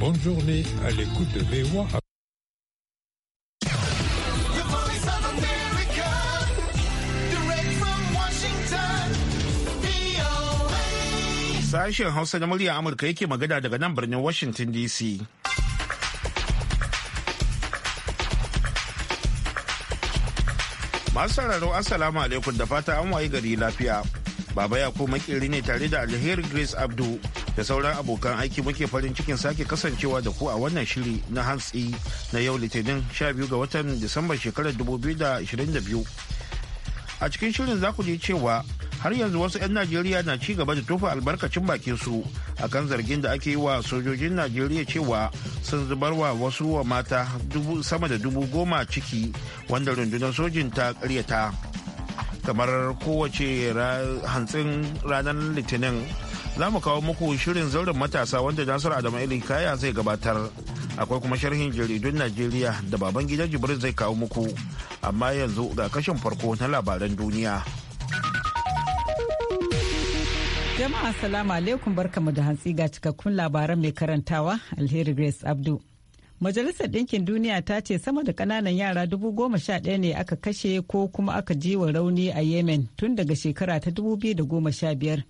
Bonne journée à l'écoute de VOA. Sashen Hausa na murya Amurka yake magana daga nan birnin Washington DC. Masu sauraro Assalamu alaikum da fata an wayi gari lafiya. Baba ya ko makiri ne tare da Alheri Grace Abdu. da sauran abokan aiki muke farin cikin sake kasancewa da ku a wannan shiri na hantsi na yau litinin 12 ga watan disamba shekarar 2022 a cikin shirin za ku ji cewa har yanzu wasu 'yan najeriya na ci gaba da tofa albarkacin bakin su akan zargin da ake yi wa sojojin najeriya cewa sun zubar wa wasu wa mata sama da dubu goma ciki wanda rundunar sojin ta karyata kamar kowace hantsin ranar litinin za mu kawo muku shirin zauren matasa wanda nasiru adamu kaya zai gabatar akwai kuma sharhin jaridun najeriya da baban gidan jibril zai kawo muku amma yanzu ga kashin farko na labaran duniya jama'a salamu alaikum barkamu da hantsi ga cikakkun labaran mai karantawa alheri grace abdu Majalisar Ɗinkin Duniya ta ce sama da ƙananan yara dubu goma sha ɗaya ne aka kashe ko kuma aka wa rauni a Yemen tun daga shekara ta dubu biyu da goma sha biyar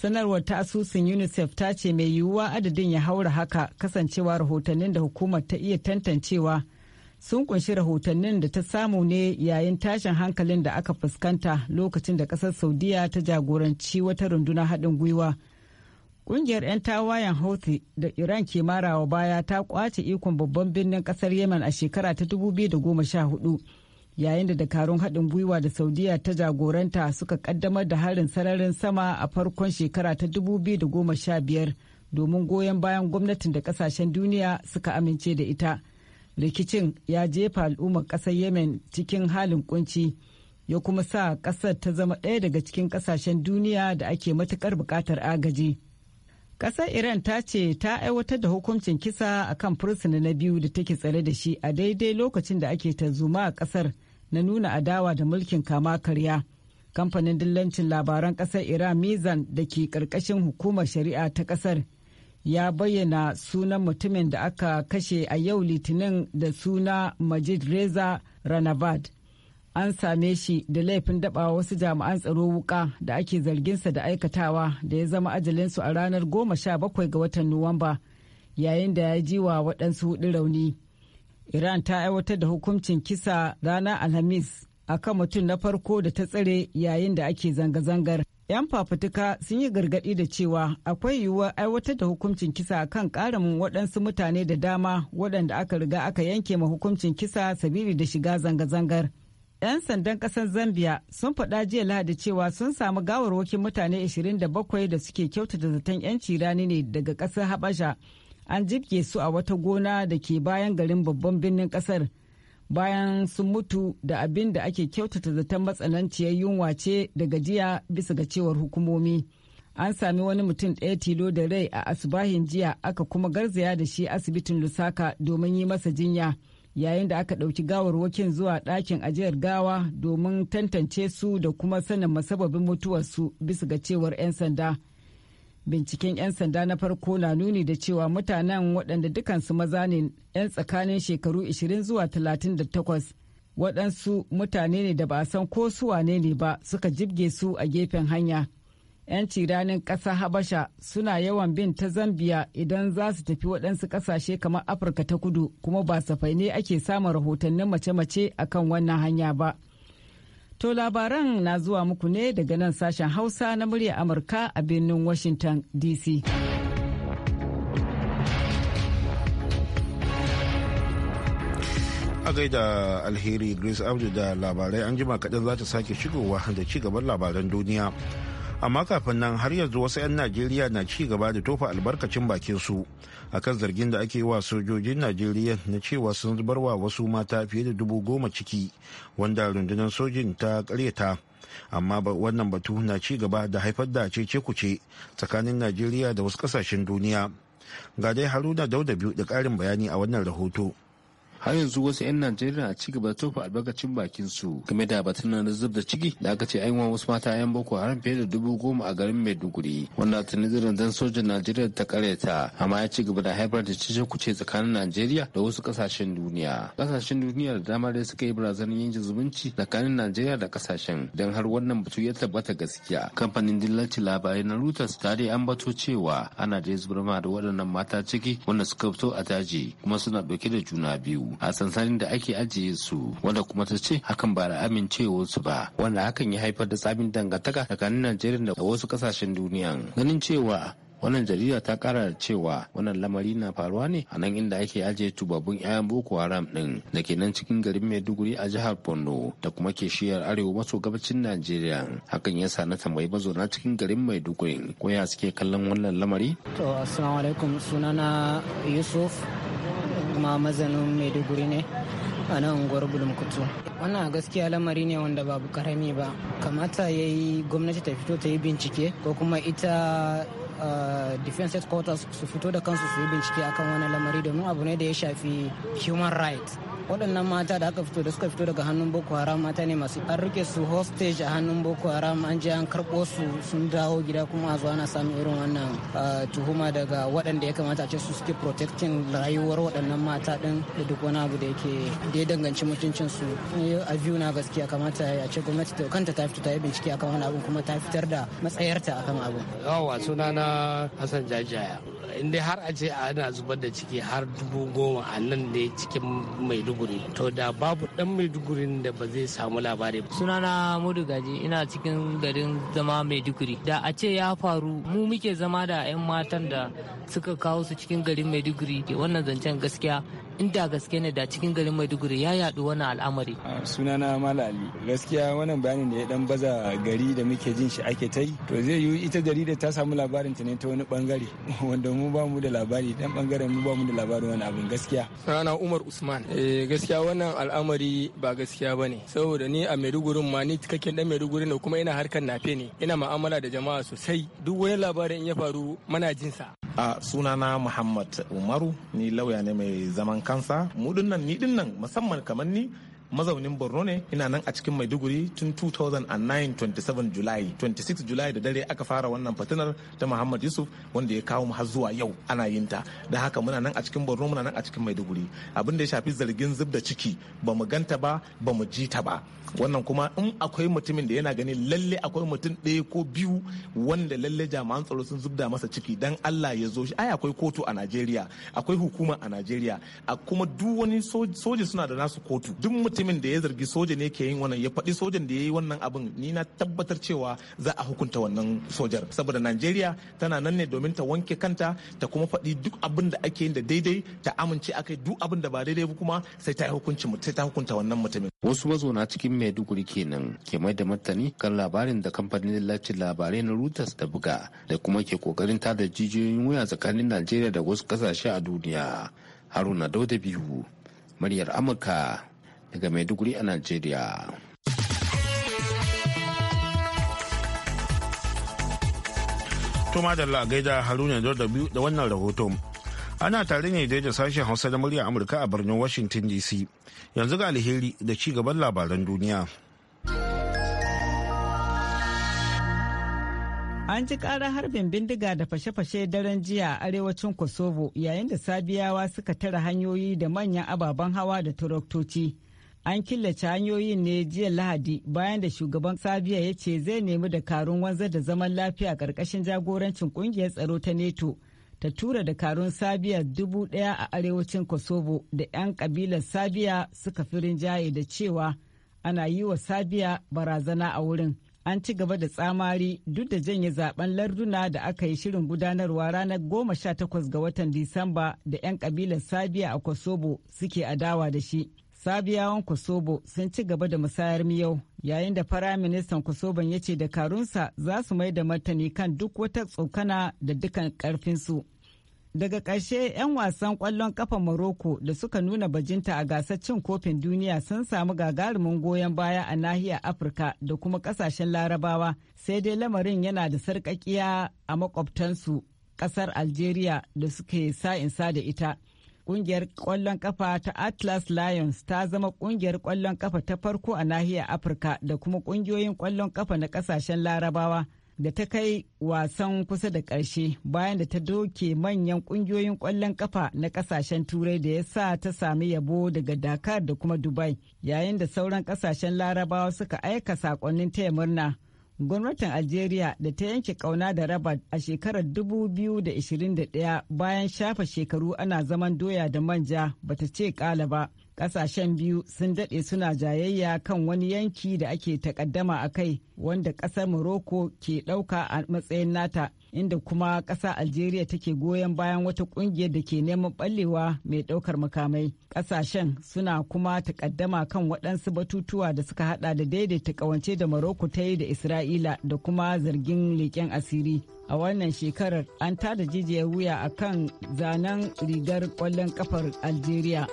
sanarwar ta asusun unicef ta ce mai yiwuwa adadin ya haura haka kasancewa rahotannin da hukumar ta iya tantancewa sun kunshi rahotannin da ta samu ne yayin tashin hankalin da aka fuskanta lokacin da kasar saudiya ta jagoranci wata runduna haɗin gwiwa ƙungiyar 'yan tawayen houthi da iran ke marawa baya ta kwace ikon babban birnin ƙasar yemen a shekara ta 2014 yayin da dakarun haɗin gwiwa da saudiya ta jagoranta suka kaddamar da harin sararin sama a farkon shekara ta 2015 domin goyon bayan gwamnatin da kasashen duniya suka amince da ita rikicin ya jefa al'ummar ƙasar yemen cikin halin kunci ya kuma sa ƙasar ta zama ɗaya daga cikin ƙasashen duniya da ake matukar buƙatar agaji. Ƙasar Iran ta ce ta aiwatar da hukuncin kisa a kan fursuna na biyu da take tsare da shi a daidai lokacin da ake tarzoma a ƙasar na nuna adawa da mulkin kama karya. Kamfanin dillancin labaran kasar Iran Mizan da ke ƙarƙashin hukumar shari'a ta ƙasar ya bayyana sunan mutumin da aka kashe a yau litinin da suna Majid Reza Ranavad. An same shi da laifin daɓa wasu jami'an tsaro wuka da ake zarginsa da aikatawa da ya zama ajalinsu a ranar 17 ga watan Nuwamba yayin da ya ji wa waɗansu rauni. Iran ta aiwatar da hukuncin kisa ranar Alhamis a kan mutum na farko da ta tsare yayin da ake zanga-zangar. 'Yan fafutuka sun yi gargaɗi da cewa akwai yiwuwar aiwatar da hukuncin kisa kan ƙaramin waɗansu mutane da dama waɗanda aka riga aka yanke ma hukuncin kisa sabili da shiga zanga-zangar. 'Yan sandan ƙasar Zambia sun faɗa jiya Lahadi cewa sun samu gawarwakin mutane 27 da suke kyautata zaton 'yanci rani ne daga ƙasar Habasha. an jibge su a wata gona da ke bayan garin babban birnin kasar bayan sun mutu da abin da ake kyautata zaton matsananciyar yunwa ce da gajiya bisa ga cewar hukumomi an sami wani mutum ɗaya tilo da rai a asibahin jiya aka kuma garzaya da shi asibitin lusaka domin yi masa jinya yayin da aka ɗauki gawarwakin zuwa ɗakin ajiyar gawa domin tantance su da kuma sanin masababin mutuwarsu bisa ga cewar 'yan sanda. binciken 'yan sanda na farko na nuni da cewa mutanen waɗanda dukansu maza ne 'yan tsakanin shekaru 20 zuwa 38 waɗansu mutane ne da ba san ko su wane ne ba suka jibge su a gefen hanya 'yanci ranar ƙasa habasha suna yawan bin ta zambiya idan za su tafi waɗansu ƙasashe kamar afirka ta kudu kuma ba safai ne ake samun rahotannin mace-mace akan wannan hanya ba To labaran na zuwa muku ne daga nan sashen Hausa na murya Amurka a birnin Washington DC. A gaida alheri Grace Abdu da labarai an jima kaɗan za ta sake shigowa da ci gaban labaran duniya. Amma kafin nan har yanzu wasu 'yan Najeriya na ci gaba da tofa albarkacin bakin su akan zargin da ake wa sojojin najeriya na cewa sun zubar wa wasu mata fiye da dubu goma ciki wanda rundunar sojin ta karyata amma wannan batu na ci gaba da haifar da cece kuce tsakanin najeriya da wasu kasashen duniya ga dai haruna dauda biyu da karin bayani a wannan rahoto har yanzu wasu 'yan najeriya a ci gaba da tofa albarkacin bakin su game da batun na zub da ciki da aka ce ainihin wasu mata 'yan boko haram fiye da dubu goma a garin maiduguri wanda tuni dan sojan najeriya ta karyata amma ya ci gaba da haifar da cece kuce tsakanin najeriya da wasu kasashen duniya kasashen duniya da dama dai suka yi barazanar yin zumunci tsakanin najeriya da kasashen don har wannan batu ya tabbata gaskiya kamfanin dillaci labarai na reuters ta dai an bato cewa ana da zubar da waɗannan mata ciki wanda suka fito a daji kuma suna dauke da juna biyu a sansanin da ake ajiye su wanda kuma ta ce hakan ba da amincewa ba wanda hakan ya haifar da tsamin dangantaka tsakanin Najeriya da wasu kasashen duniya ganin cewa wannan jarida ta kara da cewa wannan lamari na faruwa ne a nan inda ake ajiye tubabbin 'ya'yan boko haram din da ke nan cikin garin maiduguri a jihar borno da kuma ke shiyar arewa maso gabacin najeriya hakan ya sa na tambayi mazauna cikin garin maiduguri ko ya suke kallon wannan lamari to assalamu alaikum sunana yusuf kuma mazanin maiduguri ne a nan unguwar bulumkutu wannan gaskiya lamari ne wanda babu karami ba kamata ya yi gwamnati ta fito ta yi bincike ko kuma ita Uh, defense headquarters su fito da kansu su yi bincike akan wani lamari domin abu ne da ya shafi human rights waɗannan mata da aka fito da suka fito daga hannun boko haram mata ne masu an rike su hostage a hannun boko haram an je an karɓo su sun dawo gida kuma a zuwa ana samun irin wannan tuhuma daga waɗanda ya kamata a ce su suke protecting rayuwar waɗannan mata ɗin da duk wani abu da yake da ya danganci mutuncin su eh, a biyu na gaskiya kamata a ce gwamnati ta kanta ta fito ta yi bincike akan wani abu kuma ta fitar da matsayarta akan abu. yawa sunana hassan jajaya in har a ce ana zubar da ciki har dubu goma a nan ne cikin mai dubu maiduguri to da babu dan maiduguri da ba zai samu labari ba sunana mudu gaji ina cikin garin zama maiduguri da a ce ya faru mu muke zama da 'yan matan da suka kawo su cikin garin maiduguri wannan zancen gaskiya inda gaske ne da cikin garin maiduguri ya yadu wani al'amari sunana malali gaskiya wannan bayanin da ya dan baza gari da muke jin shi ake ta to zai yi ita jarida ta samu labarin ta ne ta wani bangare wanda mu ba mu da labari dan bangaren mu ba mu da labarin wani abin gaskiya sunana umar usman eh gaskiya wannan al'amari ba gaskiya bane saboda ni a maiduguri ma ni cikakken dan maiduguri ne kuma ina harkar nafe ne ina ma'amala da jama'a sosai duk wani labarin in ya faru mana jinsa a sunana muhammad umaru ni lauya ne mai zaman kansa mu dinnan ni dinnan musamman kamar ni mazaunin borno ne ina nan a cikin maiduguri tun 2009 27 july 26 july da dare aka fara wannan fitinar ta muhammad yusuf wanda ya kawo mu har zuwa yau ana yin ta da haka muna nan a cikin borno muna nan a cikin maiduguri abin da ya shafi zargin zub da ciki ba mu ganta ba ba mu ji ta ba wannan kuma in akwai mutumin da yana gani lalle akwai mutum ɗaya ko biyu wanda lalle jami'an tsaro sun zubda masa ciki dan allah ya zo shi ai akwai kotu a najeriya akwai hukuma a najeriya a kuma duk wani soji suna da nasu kotu duk mutumin da ya zargi soja ne ke yin wannan ya faɗi sojan da ya yi wannan abin ni na tabbatar cewa za a hukunta wannan sojar saboda najeriya tana nan ne domin ta wanke kanta ta kuma faɗi duk abin da ake yin da daidai ta amince kai duk abin da ba daidai ba kuma sai ta hukunci sai ta hukunta wannan mutumin wasu mazauna cikin maiduguri kenan ke mai da martani kan labarin da kamfanin lallacin labarai na reuters da buga da kuma ke kokarin tada jijiyoyin wuya tsakanin najeriya da wasu kasashe a duniya haruna dauda biyu muryar amurka daga Maiduguri a Najeriya. Toma da gaida Haruna biyu da wannan rahoton. Ana tare ne da sashen Hausa da murya Amurka a birnin Washington DC. Yanzu ga alheri da ci gaban labaran duniya. An ji ƙarar harbin bindiga da fashe-fashe daren jiya a arewacin Kosovo yayin da Sabiyawa suka tara hanyoyi da manyan ababen hawa da turoktoci. an killace hanyoyin ne jiya lahadi bayan da shugaban sabiya ya ce zai nemi dakarun wanzar da zaman lafiya ƙarƙashin jagorancin ƙungiyar tsaro ta neto ta tura dakarun sabiya dubu ɗaya a arewacin kosovo da 'yan kabilar sabiya suka firin rinjaye da cewa ana yi wa sabiya barazana a wurin an ci gaba da tsamari duk da janye zaben larduna da aka yi shirin gudanarwa ranar goma sha takwas ga watan disamba da 'yan kabilar sabiya a kosovo suke adawa da shi Sabiyawan Kosobo sun ci gaba da musayar miyau yayin da ministan Kosoban ya ce dakarunsa za su mai da martani kan duk wata tsokana da dukan karfinsu. Daga ƙarshe 'yan wasan ƙwallon ƙafan Morocco da suka nuna bajinta a gasar cin kofin duniya sun samu gagarumin goyon baya a nahiyar Afirka da kuma ƙasashen Larabawa sai dai lamarin yana da sarƙaƙiya a makwabtansu ƙasar Algeria da suke sa'insa da ita. kungiyar kwallon kafa ta Atlas Lions ta zama kungiyar kwallon kafa ta farko a nahiyar Afirka da kuma kungiyoyin kwallon kafa na kasashen Larabawa da ta kai wasan kusa da ƙarshe bayan da ta doke manyan kungiyoyin kwallon kafa na kasashen Turai da ya sa ta sami yabo daga Dakar da kuma Dubai yayin da sauran kasashen Larabawa suka aika saƙonnin taya murna. gwamnatin algeria da ta yanke kauna da rabat a shekarar 2021 bayan shafa shekaru ana zaman doya da manja bata ce kala ba kasashen biyu sun daɗe suna jayayya kan wani yanki da ake takaddama a kai wanda ƙasar morocco ke ɗauka a matsayin nata inda kuma ƙasa Algeria take goyon bayan wata ƙungiyar da ke neman ɓallewa mai ɗaukar makamai. Ƙasashen suna kuma takaddama kan waɗansu batutuwa da suka haɗa da daidaita ƙawance da Maroko ta yi da Isra'ila da kuma zargin leƙen asiri. A wannan shekarar an tada jijiyar wuya a kan zanen rigar ƙwallon ƙafar Algeria.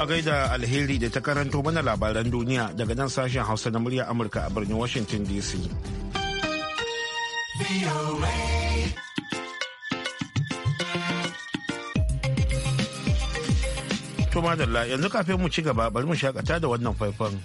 a gaida alheri da ta karanto mana labaran duniya daga nan sashen hausa na murya amurka a birnin washington dc to madalla yanzu kafin mu ci gaba bari mu shakata da wannan faifan.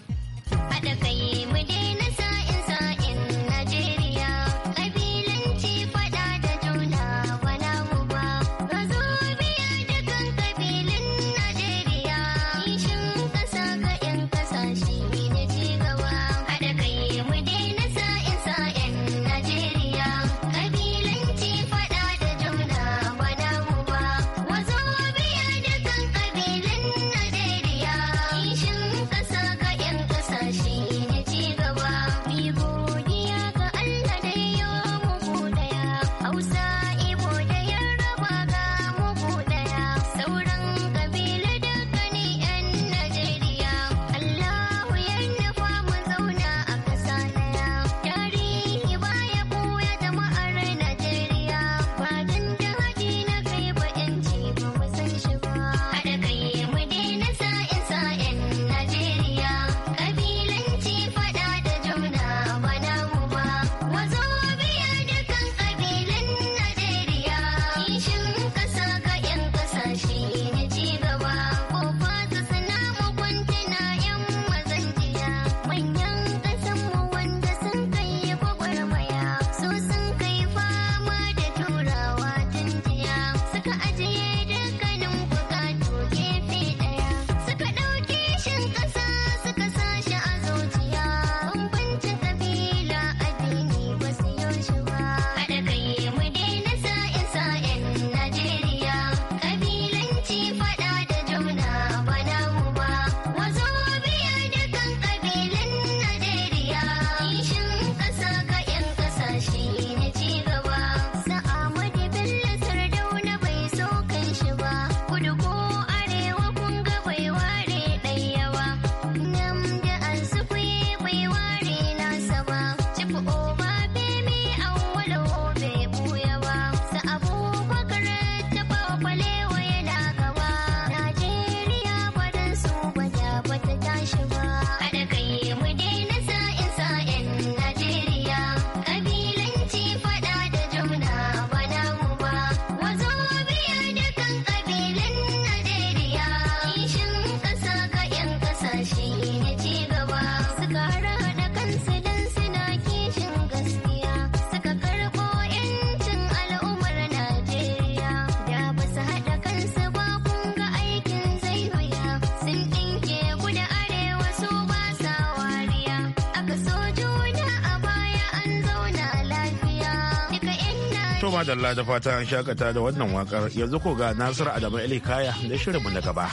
kuma da da fata an shakata da wannan wakar yanzu ko ga Nasiru Adamu kaya da shirinmu na gaba.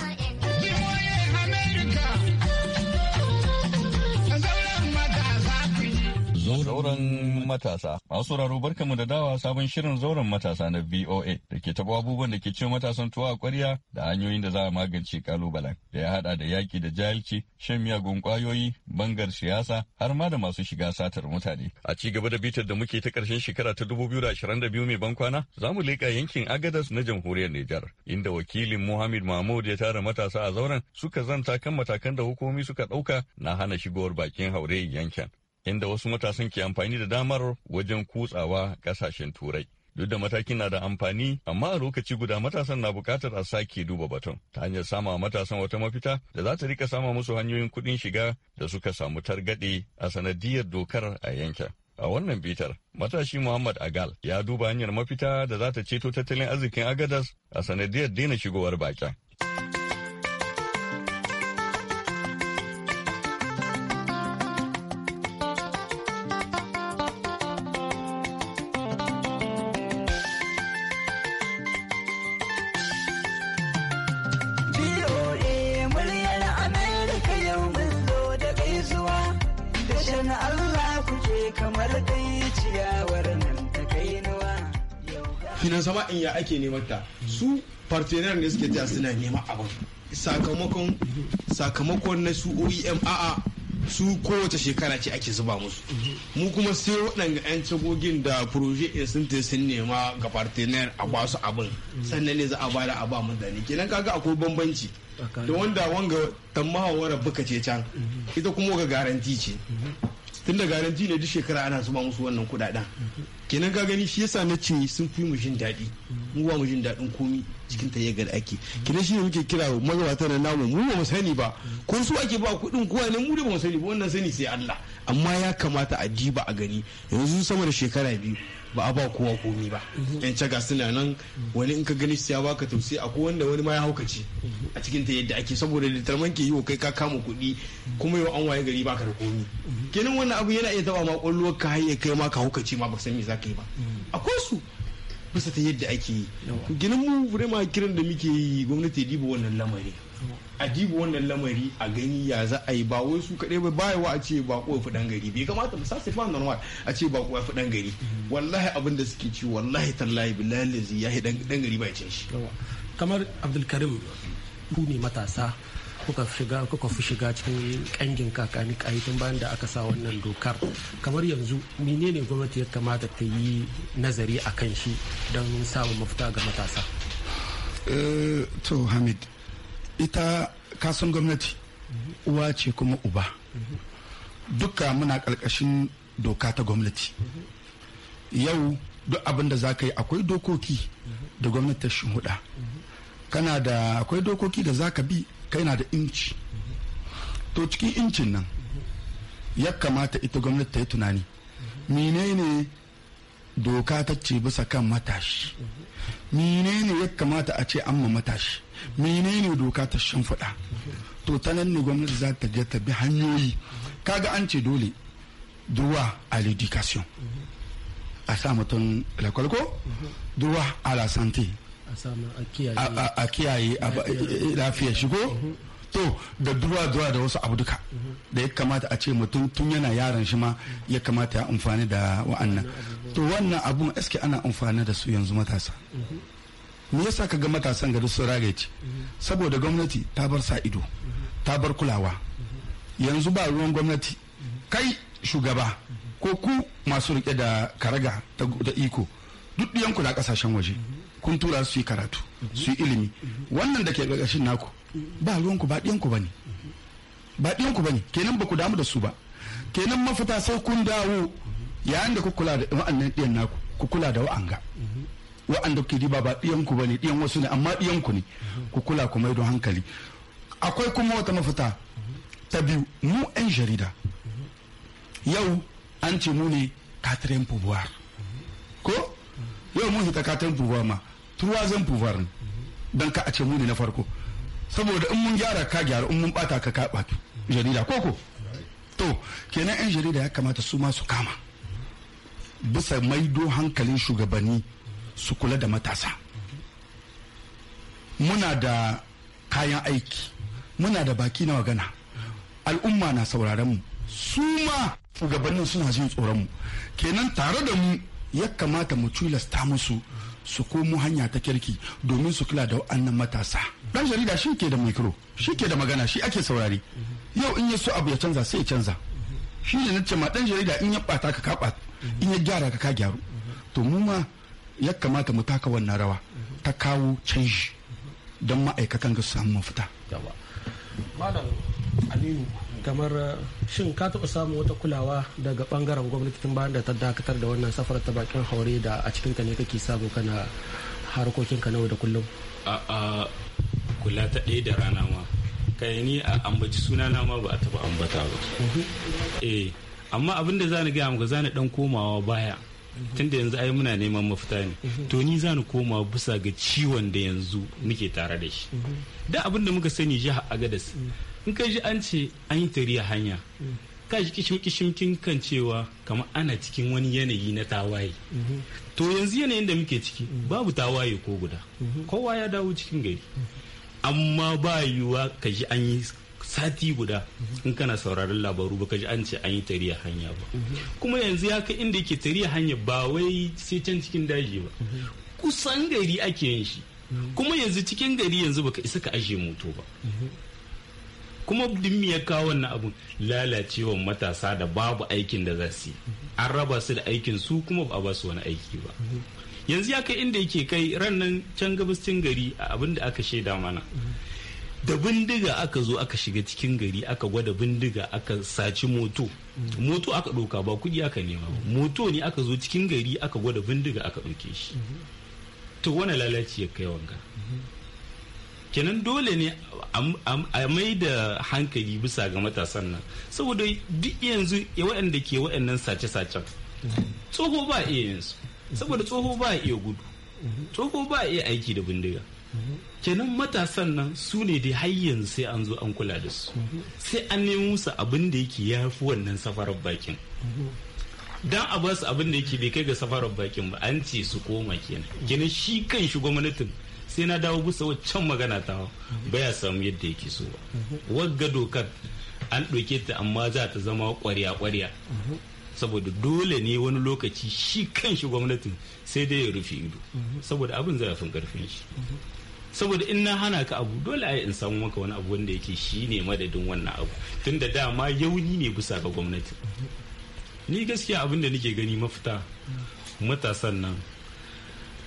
Zauren matasa. Masu sauraro barkamu da dawa sabon shirin zauren matasa na VOA da ke taɓa abubuwan da ke ce matasan tuwa a ƙwarya da hanyoyin da za a magance kalubalen da ya haɗa da yaƙi da jahilci, shan miyagun ƙwayoyi, bangar siyasa har ma da masu shiga satar mutane. A ci gaba da bitar da muke ta ƙarshen shekara ta biyu mai bankwana za mu leƙa yankin Agadas na jamhuriyar Nijar inda wakilin Muhammad Mahmud ya tara matasa a zauren suka zanta kan matakan da hukumomi suka ɗauka na hana shigowar bakin haure yankin. inda wasu matasan ke amfani da damar wajen kutsawa kasashen turai. Duk da matakin na da amfani, amma a lokaci guda matasan na bukatar a sake duba batun ta hanyar sama matasan wata mafita da za ta rika sama musu hanyoyin kuɗin shiga da suka samu targaɗe a sanadiyar dokar a yankin. A wannan bitar, matashi Muhammad Agal ya duba hanyar mafita da za ta ceto tattalin arzikin Agadas a sanadiyar daina shigowar baƙin. ake neman ta su partenaire ne suke taya suna neman abin sakamakon sakamakon na su oem a'a su kowace shekara ce ake zuba musu mu kuma sai waɗanda 'yan cagogin da proje in sun te sun nema ga partenaire a ba su abin sannan ne za a bada a ba mu mutane kenan kaga akwai bambanci da wanda wanga tamma wara buka ce can mhm. ita kuma ga garanti ce mhm. tun da garanti ne duk shekara ana zuba musu wannan kudaden kenan ka gani shi yasa na ce sun fi mu jin daɗi mu ba mu jin daɗin komi cikin ta yagar ake kina shi ne muke kira magabata na namu mu ba mu sani ba ko su ake ba kuɗin kowa ne mu da ba mu sani ba wannan sani sai Allah amma ya kamata a diba a gani yanzu sama da shekara biyu ba a ba kowa komi ba yan caga suna nan wani in ka gani siya ya baka tausayi a wanda wani ma ya haukace a cikin ta yadda ake saboda litarman ke yi wa kai ka kama kuɗi kuma yau an waye gari baka da komi kenan wannan abu yana iya taba ma kwallon ka haye kai ma ka haukace ma ba san me zaka yi ba akwai su bisa ta yadda ake yi ginin mu vraiment kiran da muke yi gwamnati diba wannan lamari a diba wannan lamari a gani ya za a yi ba wai su kaɗai ba wa a ce ba fi ɗan gari bai kamata ba sasa fa normal a ce ba fi ɗan gari mm-hmm. wallahi abin da suke ci wallahi tallahi billahi lazi ya dan gari ba ya ce shi kamar abdulkarim ku ne matasa kuka shiga kuka fi shiga cikin kangin kakani tun bayan da aka sa wannan dokar kamar yanzu menene gwamnati ya kamata ta yi nazari a kan shi don samun mafita ga matasa eh, to hamid ita kasan gwamnati uwa ce kuma uba duka muna ƙarƙashin doka ta gwamnati yau duk abin da za ka yi akwai dokoki da gwamnati ta huda kana da akwai dokoki da za ka bi kai na da inci to cikin incin nan ya kamata ita gwamnati ta yi tunani menene doka ta ce bisa kan matashi menene ya kamata a ce an ma matashi menene doka ta shimfiɗa to ta nan ne gwamnati za ta je ta bi hanyoyi kaga an ce dole Duwa a l'éducation a sa mutum lakwalko Duwa a la santé a kiyaye lafiyar eh, eh, shigo mm-hmm. to da duwa duwa da wasu abu duka mm-hmm. da ya kamata a ce mutum tun yana yaran shi ma ya kamata ya amfani da wa'annan to wannan abun eske ana amfani da su yanzu matasa mm-hmm. me yasa ka ga matasan gari sun ce. saboda gwamnati ta bar sa ido ta bar kulawa yanzu ba ruwan gwamnati kai shugaba ko ku masu rike da karaga da iko duk ɗiyan na kasashen waje kun tura su yi karatu su yi ilimi wannan da ke ƙarƙashin naku ba ruwanku ba ɗiyanku ba ne ba ɗiyanku ba ne kenan ba ku damu da su ba kenan mafita sai kun dawo yayin da ku kula da wa'annan ɗiyan naku ku kula da wa'anga wa'anda ke diba ba ɗiyanku ba ne ɗiyan wasu ne amma ɗiyanku ne ku kula ku maido hankali akwai kuma wata mafita ta biyu mu 'yan jarida yau an ce mu ne catherine pouvoir ko yau mun hita catherine pouvoir ma troisième pouvoir ne don ka a ce mu ne na farko saboda in mun gyara ka gyara in mun bata ka ka jarida koko to kenan yan jarida ya kamata su ma su kama bisa maido hankalin shugabanni su kula da matasa muna da kayan aiki muna da baki na magana al'umma na sauraron mu su ma shugabannin suna jin tsoron mu kenan tare da mu ya kamata mu tilasta musu su komo hanya ta kirki domin su kula da wa'annan matasa dan jarida shi ke da micro shi ke da magana shi ake saurari yau in ya so abu ya canza sai ya canza shi ne nace ma dan jarida in ya bata ka ka bata in ya gyara ka ka gyaru to mu ma ya kamata mu taka wannan rawa ta kawo canji don ma'aikatan ga su samu mafita. Malam Aliyu kamar eh, shin ka taɓa samun wata kulawa daga ɓangaren gwamnatin bayan da ta dakatar da wannan safar ta bakin haure da a cikin ka ne kake samu kana harkokin ka nawa da kullum a kula ta ɗaya da rana ma kai ni a ambaci suna na ma ba a taɓa ambata ba mhm. eh, amma abin da zani gaya muka zani dan komawa baya mhm. tunda yanzu ai muna neman mafita ne mhm. to ni za ni koma bisa ga ciwon da yanzu muke tare da shi da abin da muka sani jiha agadas in ka ji an ce an yi tari a hanya ka ji kishin kishin kan cewa kamar ana cikin wani yanayi na tawaye to yanzu yanayin da muke ciki babu tawaye ko guda kowa ya dawo cikin gari amma ba yiwuwa ka ji an yi sati guda in kana sauraron labaru baka ji an ce an yi tari a hanya ba kuma yanzu ya kai inda yake tari a hanya ba wai sai can cikin daji ba kusan gari ake yin shi kuma yanzu cikin gari yanzu baka isa ka ajiye moto ba kuma dimmi ya kawo wannan abun lalacewan matasa da babu aikin da za su yi an raba su da aikin su kuma ba a basu su wani aiki ba yanzu ya kai inda yake kai ran nan can cin gari a abin da aka shaida mana da bindiga aka zo aka shiga cikin gari aka gwada bindiga aka saci moto moto aka ɗauka ba kuɗi aka nema ba moto ne aka zo cikin gari aka gwada bindiga aka ɗauke shi to wani lalaci ya kai wanga kenan dole ne a mai da hankali bisa ga matasan nan saboda duk yanzu waɗanda ke waɗannan sace-sacen tsoho ba iya yanzu saboda tsoho ba iya gudu tsoho ba iya aiki da bindiga kenan matasan nan su ne dai har yanzu sai an zo an kula da su sai an nemi musu abin da yake ya fi wannan safarar bakin dan a basu abin da yake bai kai ga safarar bakin ba an ce su koma kenan kenan shi kan shi gwamnatin sai na dawo bisa waccan magana ta baya samu yadda yake so ba wagga dokar an ɗauke ta amma za ta zama ƙwarya-ƙwarya saboda dole ne wani lokaci shi kan shi gwamnatin sai dai ya rufe ido saboda abin rafin karfin shi saboda in na hana ka abu dole a in samu maka wani abu wanda yake shi ne madadin wannan abu tun da dama yauni ne bisa ga gwamnati ni gaskiya abin da nake gani mafita matasan nan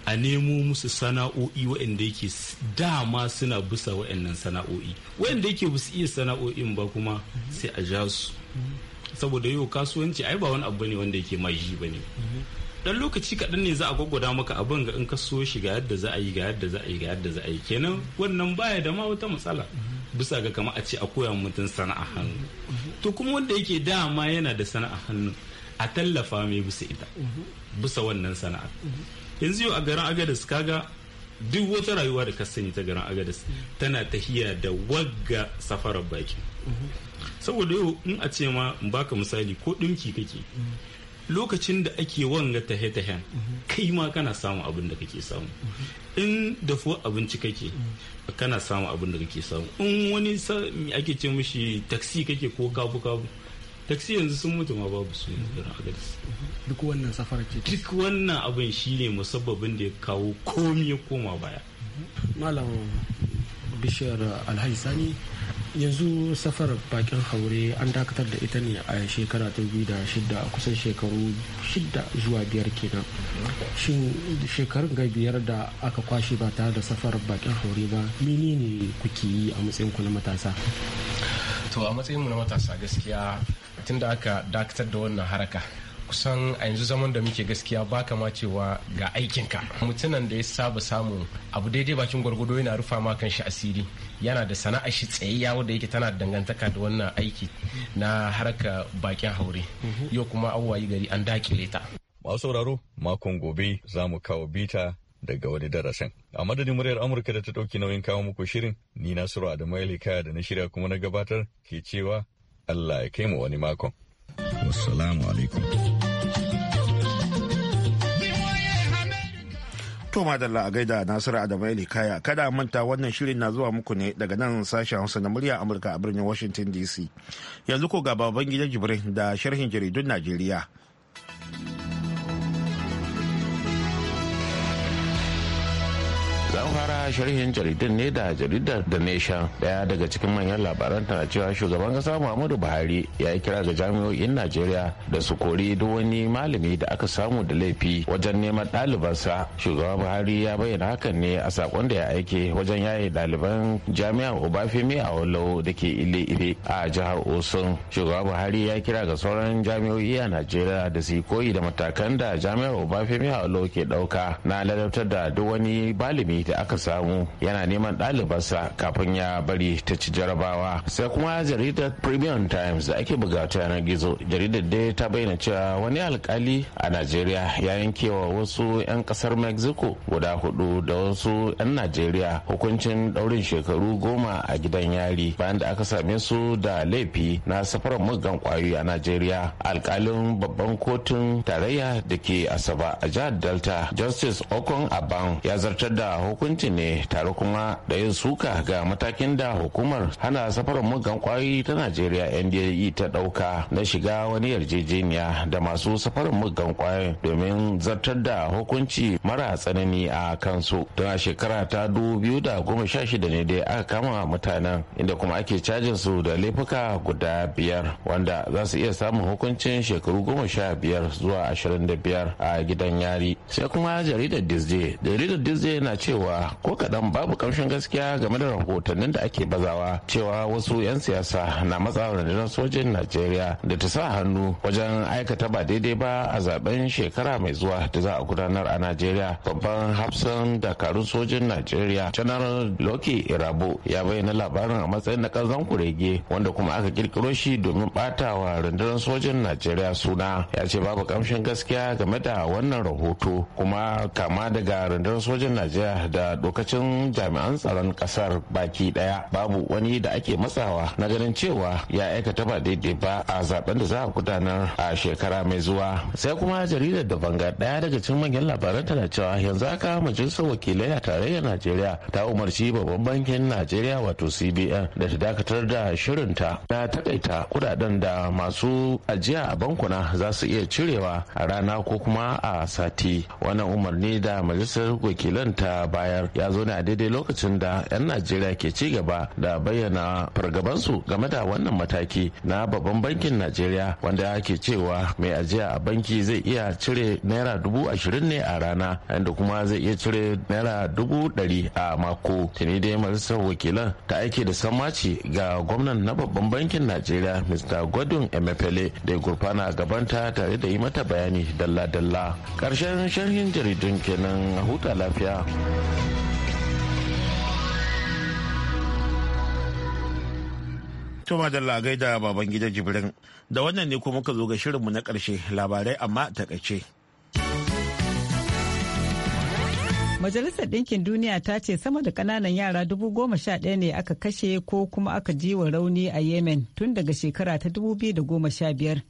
a nemo musu sana'o'i waɗanda yake dama suna bisa waɗannan sana'o'i waɗanda yake bisa iya sana'o'in ba kuma sai a ja su saboda yau kasuwanci ai ba wani abu ne wanda yake maji ba ne dan lokaci kaɗan ne za a gwagwada maka abin ga in ka so shi ga yadda za a yi ga yadda za a yi ga yadda za a yi kenan wannan baya da ma wata matsala bisa ga kama a ce a koya mutum sana'a hannu to kuma wanda yake dama yana da sana'a hannu a tallafa mai bisa ita bisa wannan sana'a yanzu yau a garin agadis kaga duk wata rayuwa da ka sani ta garin agadis tana tahiya da wagga safarar baki saboda yau in a ce ma in baka misali ko dinki kake lokacin da ake wanga tahe tahen kai ma kana samun abin da kake samu in dafo abinci kake kana samun abin da kake samu in wani ake ce mishi taksi kake ko kabu kabu taxi yanzu sun mutu ma babu su yanzu a agadis duk wannan safarar ce duk wannan abin shine musabbabin da ya kawo komi ya koma baya malam bishiyar alhaji sani yanzu safar bakin haure an dakatar da ita ne a shekara ta biyu da shida kusan shekaru shida zuwa biyar kenan shin shekarun ga biyar da aka kwashe ba tare da safar bakin haure ba menene kuke yi a matsayin ku na matasa to a matsayin mu na matasa gaskiya tun da aka dakatar da wannan haraka kusan a yanzu zaman da muke gaskiya ba kama cewa ga aikinka mutumin da ya saba samun abu daidai bakin gwargwado yana rufa ma kan shi asiri yana da sana'a shi tsayayya wadda yake tana dangantaka da wannan aiki na haraka bakin haure yau kuma awayi gari an dakile ta masu sauraro makon gobe za mu kawo bita daga wani darasin a madadin muryar amurka da ta ɗauki nauyin kawo muku shirin ni nasiru adamu kaya da na shirya kuma na gabatar ke cewa Allah ya kai mu wani makon. Wassalamu alaikum. To madalla a gaida Nasiru Adamu Eli Kaya kada manta wannan shirin na zuwa muku ne daga nan sashen Hausa na murya Amurka a birnin Washington DC. Yanzu ko ga baban gidan Jibrin da sharhin jaridun Najeriya. zan fara sharhin jaridun ne da jaridar da nation daya daga cikin manyan labaran tana cewa shugaban kasa muhammadu buhari ya yi kira ga jami'o'in najeriya da su kori duk wani malami da aka samu da laifi wajen neman ɗalibansa shugaban buhari ya bayyana hakan ne a sakon da ya aike wajen yaye ɗaliban jami'ar obafemi a wallo da ke ile ile a jihar osun shugaban buhari ya kira ga sauran jami'o'i a najeriya da su koyi da matakan da jami'ar obafemi a wallo ke ɗauka na ladabtar da duk wani balimi da aka samu yana neman ɗalibarsa kafin ya bari ta ci jarabawa sai kuma jaridar premium times da ake bugata yanar gizo jaridar dai ta bayyana cewa wani alkali a najeriya ya yankewa wasu 'yan kasar mexico guda hudu da wasu 'yan najeriya hukuncin daurin shekaru goma a gidan yari bayan da aka same su da laifi na safarar muggan kwayoyi a najeriya alkalin babban kotun tarayya da ke asaba a jihar delta justice okon aban ya zartar da hukunci ne tare kuma da yin suka ga matakin da hukumar hana safarar muggan kwayoyi ta najeriya nda e, ta dauka na shiga wani yarjejeniya da masu safarar muggan kwayoyi domin zartar da hukunci mara tsanani a kansu don a shekara ta biyu da goma sha shida ne dai aka kama mutanen inda kuma ake cajin su da laifuka guda biyar wanda za su iya samun hukuncin shekaru goma sha biyar zuwa ashirin da biyar a gidan yari sai kuma jaridar disney jaridar disney na cewa cewa ko kaɗan babu kamshin gaskiya game da rahotannin da ake bazawa cewa wasu 'yan siyasa na matsawa rundunar sojin najeriya da ta sa hannu wajen aikata ba daidai ba a zaben shekara mai zuwa da za a gudanar a najeriya babban hafsan dakarun sojin najeriya janar loki irabo ya bayyana labarin a matsayin na kanzan kurege wanda kuma aka kirkiro shi domin batawa rundunar sojin najeriya suna ya ce babu kamshin gaskiya game da wannan rahoto kuma kama daga rundunar sojin najeriya da dokacin jami'an tsaron kasar baki daya babu wani da ake matsawa na ganin cewa ya aikata ba daidai ba a zaben da za a gudanar a shekara mai zuwa sai kuma jaridar da banga daya daga cikin manyan labaran na cewa yanzu aka majalisar wakilai a tarayyar najeriya ta umarci babban bankin najeriya wato cbn da ta dakatar da shirinta na takaita kudaden da masu ajiya a bankuna za su iya cirewa a rana ko kuma a sati wannan umarni da majalisar wakilan ta bayar ya zo ne a daidai lokacin da 'yan najeriya ke ci gaba da bayyana fargabansu game da wannan mataki na babban bankin najeriya wanda ake cewa mai ajiya a banki zai iya cire naira dubu ashirin ne a rana inda kuma zai iya cire naira dubu dari a mako tuni dai majalisar wakilan ta aiki da sammaci ga gwamnan na babban bankin najeriya mr godwin emefele da ya gurfana gabanta tare da yi mata bayani dalla-dalla ƙarshen sharhin jaridun kenan huta lafiya. To lagai da baban gida jibrin da wannan ne ko muka zo ga shirinmu na ƙarshe labarai amma takaice. Majalisar Ɗinkin Duniya ta ce sama da ƙananan yara dubu goma sha ɗaya ne aka kashe ko kuma aka ji wa rauni a Yemen tun daga shekara ta dubu biyu da goma sha biyar.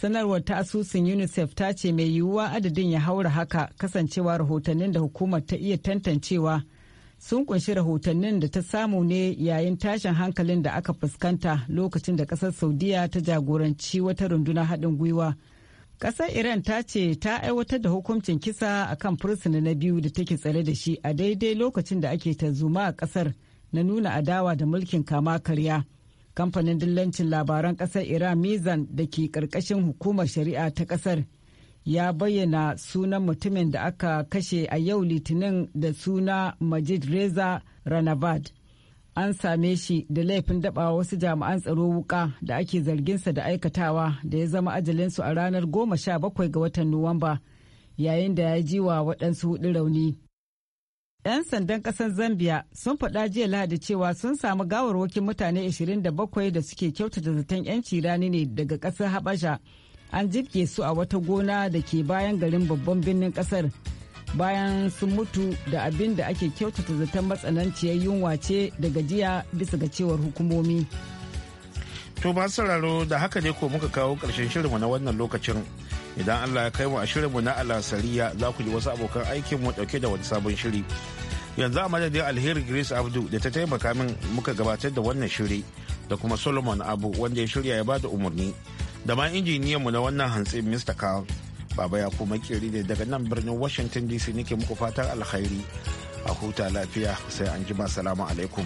sanarwar ta asusun unicef ta ce mai yiwuwa adadin ya haura haka kasancewa rahotannin da hukumar ta iya tantancewa sun kunshi rahotannin da ta samu ne yayin tashin hankalin da aka fuskanta lokacin da kasar saudiya ta jagoranci wata runduna haɗin gwiwa kasar iran ta ce ta aiwatar da hukuncin kisa a kan fursuna na biyu da take tsare da shi a daidai lokacin da ake tazuma a kasar na nuna adawa da mulkin kama karya kamfanin dillancin labaran kasar iran mizan da ke karkashin hukumar shari'a ta kasar ya bayyana sunan mutumin da aka kashe a yau litinin da suna majid reza ranavad an same shi da laifin daba wasu jami'an tsaro wuka da ake zarginsa da aikatawa da ya zama ajalinsu a ranar 17 ga watan nuwamba yayin da ya ji wa waɗansu hudu rauni 'Yan sandan ƙasar Zambia sun faɗa jiya Lahadi cewa sun samu gawarwakin mutane 27 da suke kyautata zaton 'yanci rani ne daga kasar Habasha. An jibge su a wata gona da ke bayan garin babban birnin ƙasar bayan sun mutu da abin da ake kyautata zaton matsananciyar yunwa ce daga jiya bisa ga cewar hukumomi. To ba sauraro da haka ne ko muka kawo ƙarshen shirinmu na wannan lokacin. idan allah ya kai mu a shirinmu na alasariya za ku ji wasu abokan aikin mu dauke da wani sabon shiri yanzu a madadin alheri grace abdu da ta taimaka min muka gabatar da wannan shiri da kuma solomon abu wanda ya shirya ya bada umarni da ma injiniyan mu na wannan hantsi mr carl baba ya kuma kiri ne daga nan birnin washington dc nake muku fatan alkhairi a huta lafiya sai an jima salamu alaikum